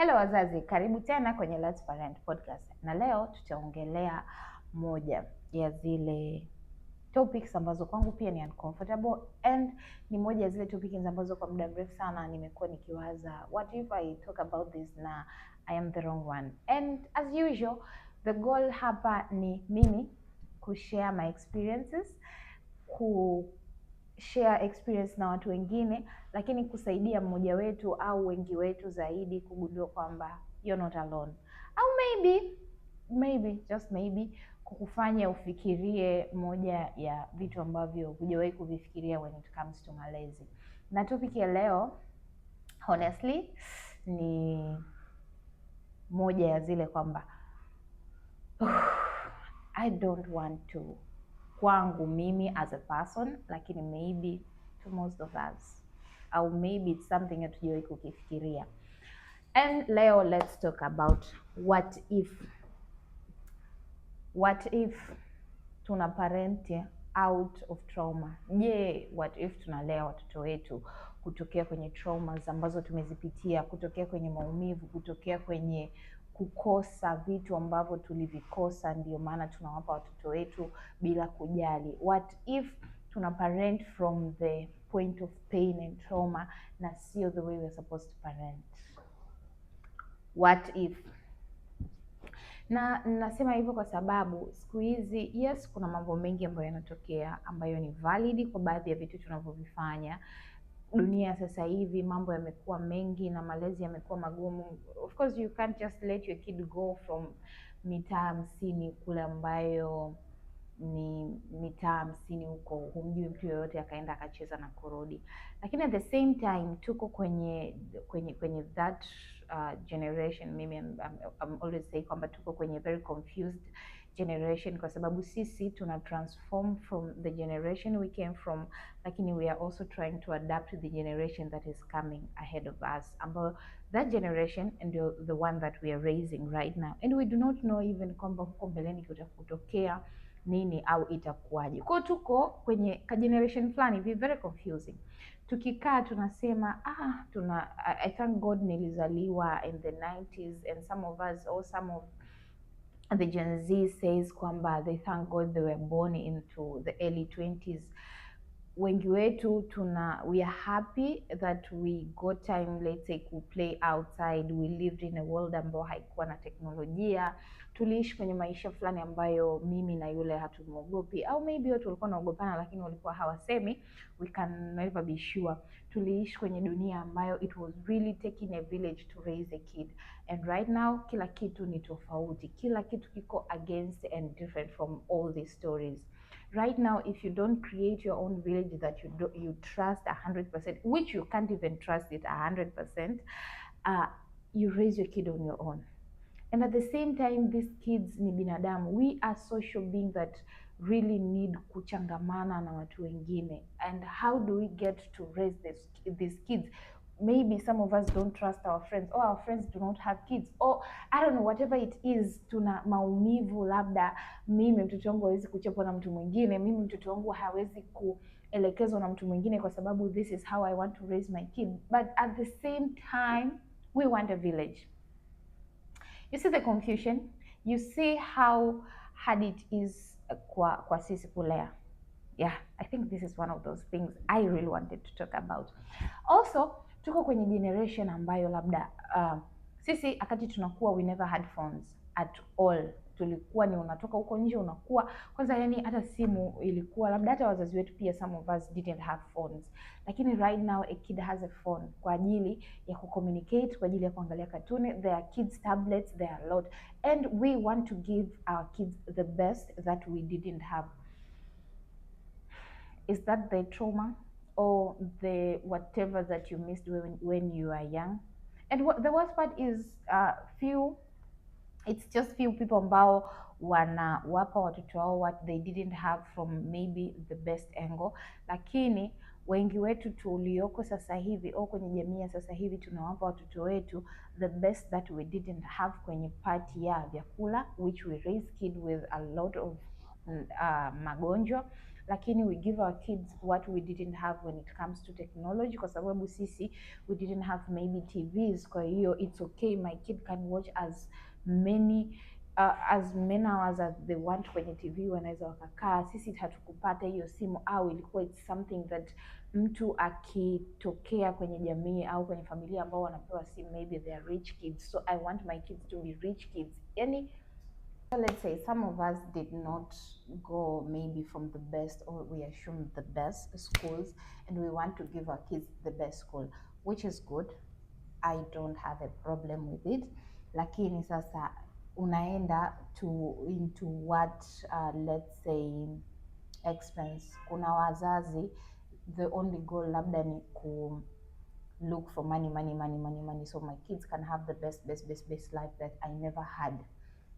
Hello wazazi, karibu tena kwenye Let's Parent Podcast, na leo tutaongelea moja ya zile topics ambazo kwangu pia ni uncomfortable and ni moja ya zile topics ambazo kwa muda mrefu sana nimekuwa nikiwaza what if I talk about this na I am the wrong one and as usual the goal hapa ni mimi kushare my experiences ku share experience na watu wengine, lakini kusaidia mmoja wetu au wengi wetu zaidi kugundua kwamba you're not alone, au maybe maybe just maybe kukufanya ufikirie moja ya vitu ambavyo hujawahi kuvifikiria when it comes to malezi. Na topic ya leo honestly ni moja ya zile kwamba I don't want to kwangu mimi as a person, lakini maybe to most of us au maybe it's something hatujawahi kukifikiria. And leo let's talk about what if, what if tuna parent out of trauma. Je, what if tunalea watoto wetu kutokea kwenye traumas ambazo tumezipitia, kutokea kwenye maumivu, kutokea kwenye kukosa vitu ambavyo tulivikosa. Ndio maana tunawapa watoto wetu bila kujali. What if tuna parent from the point of pain and trauma na sio the way we are supposed to parent. What if na nasema hivyo kwa sababu siku hizi, yes, kuna mambo mengi ambayo yanatokea ambayo ni valid kwa baadhi ya vitu tunavyovifanya dunia sasa hivi mambo yamekuwa mengi na malezi yamekuwa magumu. Of course you can't just let your kid go from mitaa hamsini kule ambayo ni mitaa hamsini huko, humjui mtu yoyote, akaenda akacheza na kurudi. Lakini at the same time tuko kwenye kwenye kwenye that uh, generation. Mimi I'm, I'm, I'm always say kwamba tuko kwenye very confused generation, kwa sababu sisi tuna transform from the generation we came from, lakini we are also trying to adapt to the generation that is coming ahead of us, ambayo that generation ndio the one that we are raising right now and we do not know even kwamba huko mbeleni kutakutokea nini au itakuwaje. Kwa tuko kwenye ka generation fulani, be very confusing. Tukikaa tunasema ah, tuna I, I thank God nilizaliwa in the 90s and some of us or some of the Gen Z says kwamba they thank God they were born into the early 20s. Wengi wetu tuna we are happy that we got time, let's say, to play outside. We lived in a world ambao haikuwa na teknolojia, tuliishi kwenye maisha fulani ambayo mimi na yule hatumwogopi, au maybe watu walikuwa naogopana lakini walikuwa hawasemi, we can never be sure. Tuliishi kwenye dunia ambayo it was really taking a village to raise a kid and right now kila kitu ni tofauti, kila kitu kiko against and different from all these stories right now if you don't create your own village that you do, you trust 100% which you can't even trust it 100% uh, you raise your kid on your own and at the same time these kids ni binadamu, we are social beings that really need kuchangamana na watu wengine and how do we get to raise this, these kids maybe some of us don't trust our friends or oh, our friends do not have kids or oh, I don't know whatever it is. Tuna maumivu labda, mimi mtoto wangu hawezi kuchapwa na mtu mwingine, mimi mtoto wangu hawezi kuelekezwa na mtu mwingine kwa sababu this is how I want to raise my kid, but at the same time we want a village You see the confusion? You see how hard it is uh, kwa, kwa sisi kulea. Yeah, I think this is one of those things I really wanted to talk about. Also, tuko kwenye generation ambayo labda uh, sisi akati tunakuwa we never had phones at all tulikuwa ni unatoka huko nje unakuwa kwanza, yani hata simu ilikuwa labda, hata wazazi wetu pia, some of us didn't have phones, lakini right now a kid has a phone kwa ajili ya kucommunicate, kwa ajili ya kuangalia katuni. There are kids tablets, there are a lot and we want to give our kids the best that we didn't have. Is that the trauma or the whatever that you missed when, when you are young? And what, the worst part is uh, few it's just few people ambao wanawapa watoto wao what they didn't have from maybe the best angle, lakini wengi wetu tulioko sasa hivi au kwenye jamii ya sasa hivi tunawapa watoto wetu the best that we didn't have kwenye pati ya vyakula, which we raise kid with a lot of uh, magonjwa lakini we give our kids what we didn't have when it comes to technology, kwa sababu sisi we didn't have maybe TVs. Kwa hiyo it's okay my kid can watch as many Uh, as many hours as they want kwenye TV wanaweza wakakaa. Sisi hatukupata hiyo simu, au ilikuwa it's something that mtu akitokea kwenye jamii au kwenye familia ambao wanapewa simu, maybe they are rich kids, so I want my kids to be rich kids. Yani, so let's say some of us did not go maybe from the best or we assume the best schools and we want to give our kids the best school which is good. I don't have a problem with it lakini sasa unaenda to into what uh, let's say expense. Kuna wazazi the only goal labda ni ku look for money money money money money so my kids can have the best best best best life that I never had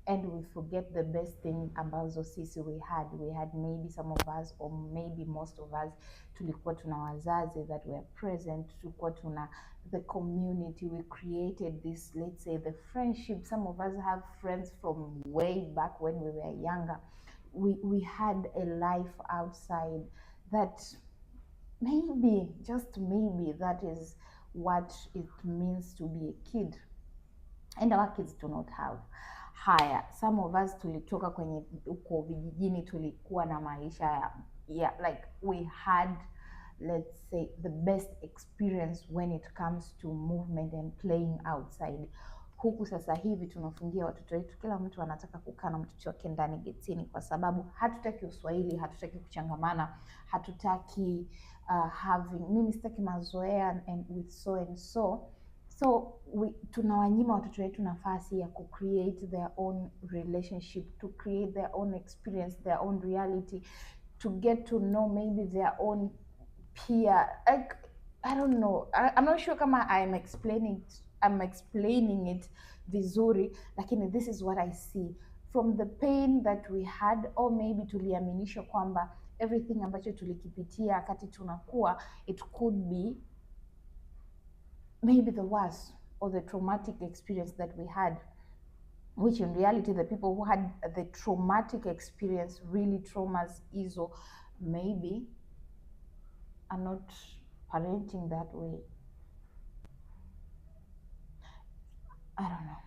and we forget the best thing ambazo sisi we had we had maybe some of us or maybe most of us tulikuwa tuna wazazi that were present tulikuwa tuna the community we created this let's say the friendship some of us have friends from way back when we were younger we, we had a life outside that maybe just maybe that is what it means to be a kid and our kids do not have haya. Some of us tulitoka kwenye huko vijijini, tulikuwa na maisha ya yeah, like we had let's say the best experience when it comes to movement and playing outside. Huku sasa hivi tunafungia watoto wetu, kila mtu anataka kukaa na mtoto wake ndani getini, kwa sababu hatutaki uswahili, hatutaki kuchangamana, hatutaki uh, having mimi sitaki mazoea and with so and so so we, tunawanyima watoto wetu nafasi ya ku create their own relationship to create their own experience their own reality to get to know maybe their own peer like I don't know I, I'm not sure kama I'm explaining I'm explaining it vizuri lakini this is what I see from the pain that we had or maybe tuliaminishwa kwamba everything ambacho tulikipitia wakati tunakuwa it could be maybe the worst or the traumatic experience that we had, which in reality, the people who had the traumatic experience, really traumas, is or maybe are not parenting that way. I don't know.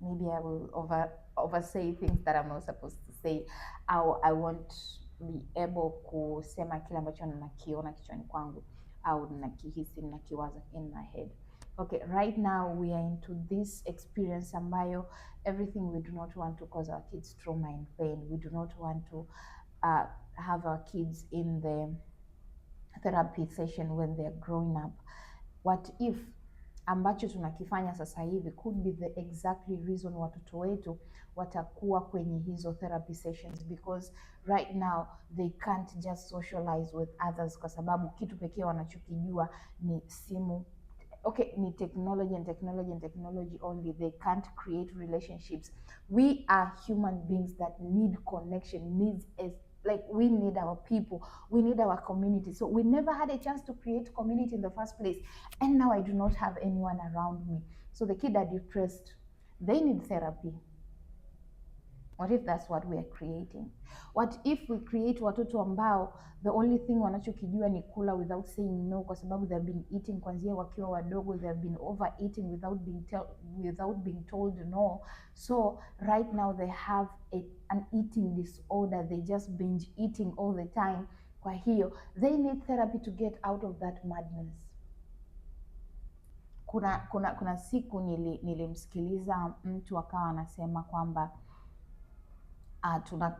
Maybe I will over over say things that I'm not supposed to say I, I won't be able kusema kile ambacho ninakiona kichwani kwangu au nakihisi nakiwaza in my head. Okay, right now we are into this experience ambayo everything we do not want to cause our kids trauma and pain. We do not want to uh, have our kids in the therapy session when they're growing up. What if ambacho tunakifanya sasa hivi could be the exactly reason watoto wetu watakuwa kwenye hizo therapy sessions because right now they can't just socialize with others, kwa sababu kitu pekee wanachokijua ni simu okay, ni technology and technology and technology only. They can't create relationships. We are human beings that need connection, needs a like we need our people we need our community so we never had a chance to create community in the first place and now i do not have anyone around me so the kid you depressed they need therapy What if that's what we are creating? What if we create watoto ambao the only thing wanachokijua ni kula without saying no, kwa sababu they have been eating kwanzia wakiwa wadogo, they have been overeating without being without being told no. So right now they have a, an eating disorder, they just binge eating all the time. Kwa hiyo they need therapy to get out of that madness. Kuna kuna kuna siku nilimsikiliza nili mtu akawa anasema kwamba uh, tuna,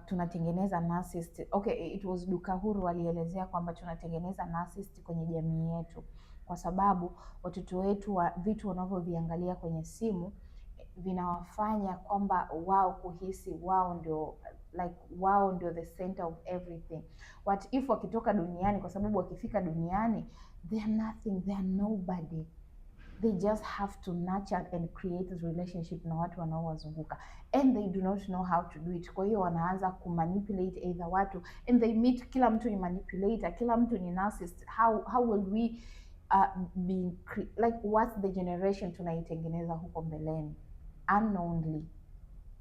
narcissist. Okay, it was Duka Huru walielezea kwamba tunatengeneza narcissist kwenye jamii yetu, kwa sababu watoto wetu wa vitu wanavyoviangalia kwenye simu eh, vinawafanya kwamba wao kuhisi wao ndio like wao ndio the center of everything. What if wakitoka duniani, kwa sababu wakifika duniani they are nothing, they are nobody they just have to nurture and create this relationship na watu wanaowazunguka and they do not know how to do it. Kwa hiyo wanaanza kumanipulate either watu and they meet, kila mtu ni manipulator, kila mtu ni narcissist. How, how will we uh, be like what's the generation tunaitengeneza huko mbeleni unknownly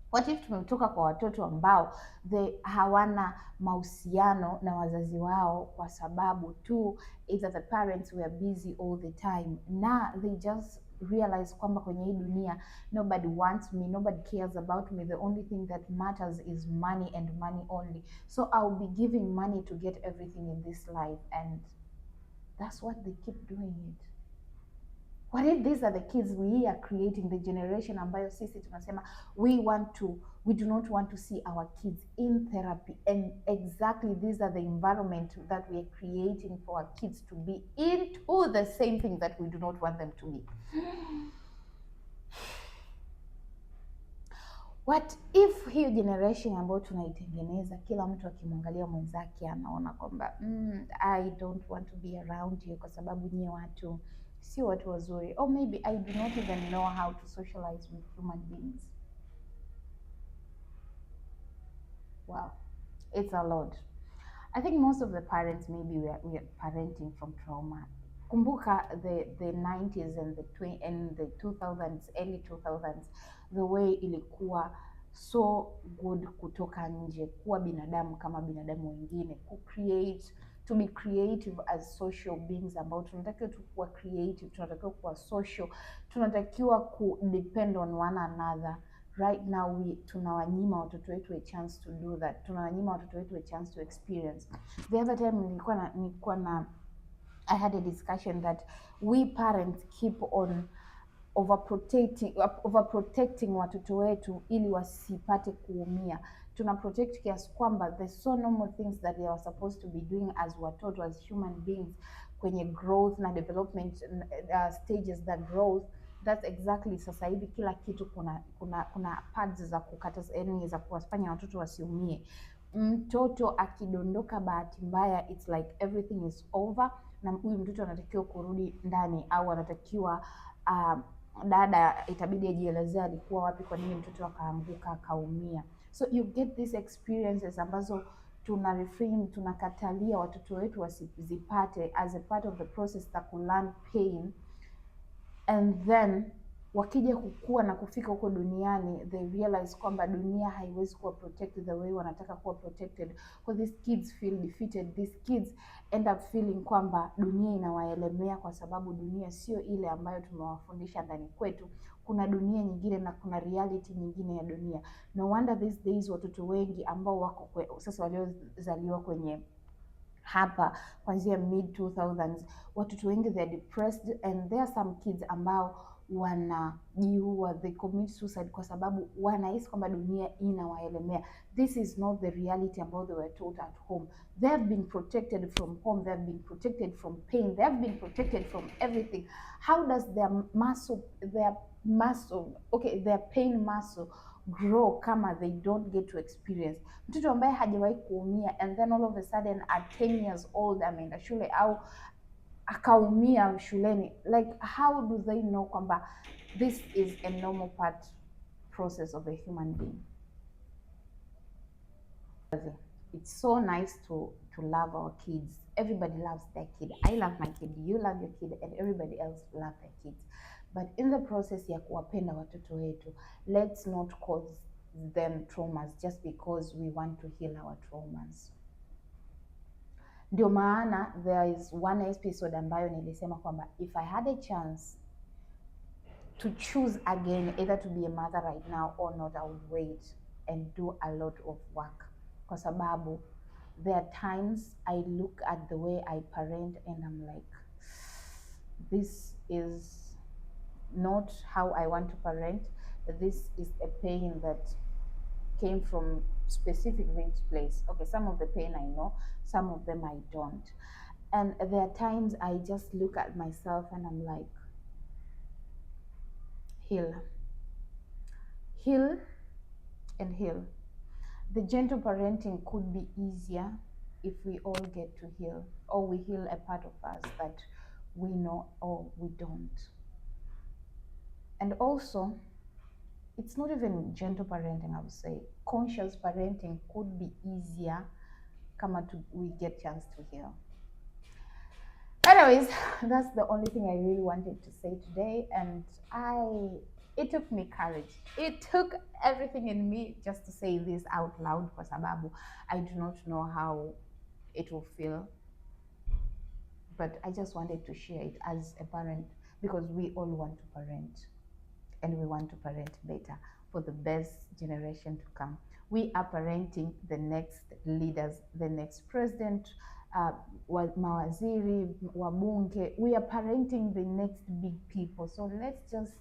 What if tumetoka kwa watoto ambao they hawana mahusiano na wazazi wao kwa sababu tu either the parents were busy all the time na they just realize kwamba kwenye hii dunia nobody wants me nobody cares about me the only thing that matters is money and money only so I'll be giving money to get everything in this life and that's what they keep doing it What if these are the kids we are creating, the generation ambayo sisi tunasema we want to we do not want to see our kids in therapy and exactly these are the environment that we are creating for our kids to be into the same thing that we do not want them to be. What if hiyo generation ambayo tunaitengeneza, kila mtu akimwangalia mwenzake anaona kwamba mm, I don't want to be around you kwa sababu nyie watu sio watu wazuri, or maybe I do not even know how to socialize with human beings. Wow, it's a lot. I think most of the parents maybe we are, we are parenting from trauma. Kumbuka the the 90s and the and the 2000s early 2000s the way ilikuwa so good kutoka nje, kuwa binadamu kama binadamu wengine, ku create to be creative as social beings ambao tunatakiwa tu kuwa creative, tunatakiwa kuwa social, tunatakiwa ku depend on one another. Right now we tunawanyima watoto wetu a chance to do that, tunawanyima watoto wetu a chance to experience. The other time nilikuwa na, nilikuwa na I had a discussion that we parents keep on overprotecting, overprotecting watoto wetu ili wasipate kuumia. Tuna protect kiasi kwamba the so normal things that they are supposed to be doing as watoto as human beings kwenye growth na development uh, stages za growth that's exactly sasa hivi kila kitu kuna kuna kuna pads za kukata yani za kuwafanya watoto wasiumie. Mtoto akidondoka bahati mbaya, it's like everything is over, na huyu mtoto anatakiwa kurudi ndani au anatakiwa uh, dada itabidi ajielezea alikuwa wapi, kwa nini mtoto akaanguka akaumia. So you get these experiences ambazo tuna refrain, tunakatalia watoto wetu wasizipate as a part of the process za kulan learn pain and then wakija kukua na kufika huko duniani they realize kwamba dunia haiwezi kuwa protected the way wanataka kuwa protected so these kids feel defeated these kids end up feeling kwamba dunia inawaelemea kwa sababu dunia sio ile ambayo tumewafundisha ndani kwetu kuna dunia nyingine na kuna reality nyingine ya dunia no wonder these days watoto wengi ambao wako kwe, sasa waliozaliwa kwenye hapa kuanzia mid 2000s watoto wengi they are depressed and there are some kids ambao wanajiua, they commit suicide kwa sababu wanahisi kwamba dunia inawaelemea. This is not the reality ambayo they were taught at home. They have been protected from home, they have been protected from pain, they have been protected from everything. How does their muscle, their muscle, okay, their pain muscle grow kama they don't get to experience. Mtoto ambaye hajawahi kuumia and then all of a sudden at 10 years old ameenda shule au akaumia shuleni like how do they know kwamba this is a normal part process of a human being it's so nice to to love our kids everybody loves their kid i love my kid you love your kid and everybody else love their kids but in the process ya kuwapenda watoto wetu let's not cause them traumas just because we want to heal our traumas ndio maana there is one episode ambayo nilisema kwamba if I had a chance to choose again either to be a mother right now or not, I would wait and do a lot of work, kwa sababu there are times I look at the way I parent and I'm like this is not how I want to parent. This is a pain that came from specific rich place. Okay, some of the pain I know, some of them I don't. And there are times I just look at myself and I'm like, heal, heal, and heal. The gentle parenting could be easier if we all get to heal, or we heal a part of us that we know or we don't. And also, it's not even gentle parenting, I would say conscious parenting could be easier come to we get chance to hear anyways that's the only thing i really wanted to say today and i it took me courage it took everything in me just to say this out loud for sababu i do not know how it will feel but i just wanted to share it as a parent because we all want to parent and we want to parent better for the best generation to come. We are parenting the next leaders, the next president, uh, wa mawaziri, wabunge. We are parenting the next big people. So let's just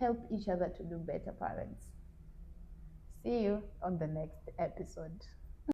help each other to do better parents. See you on the next episode.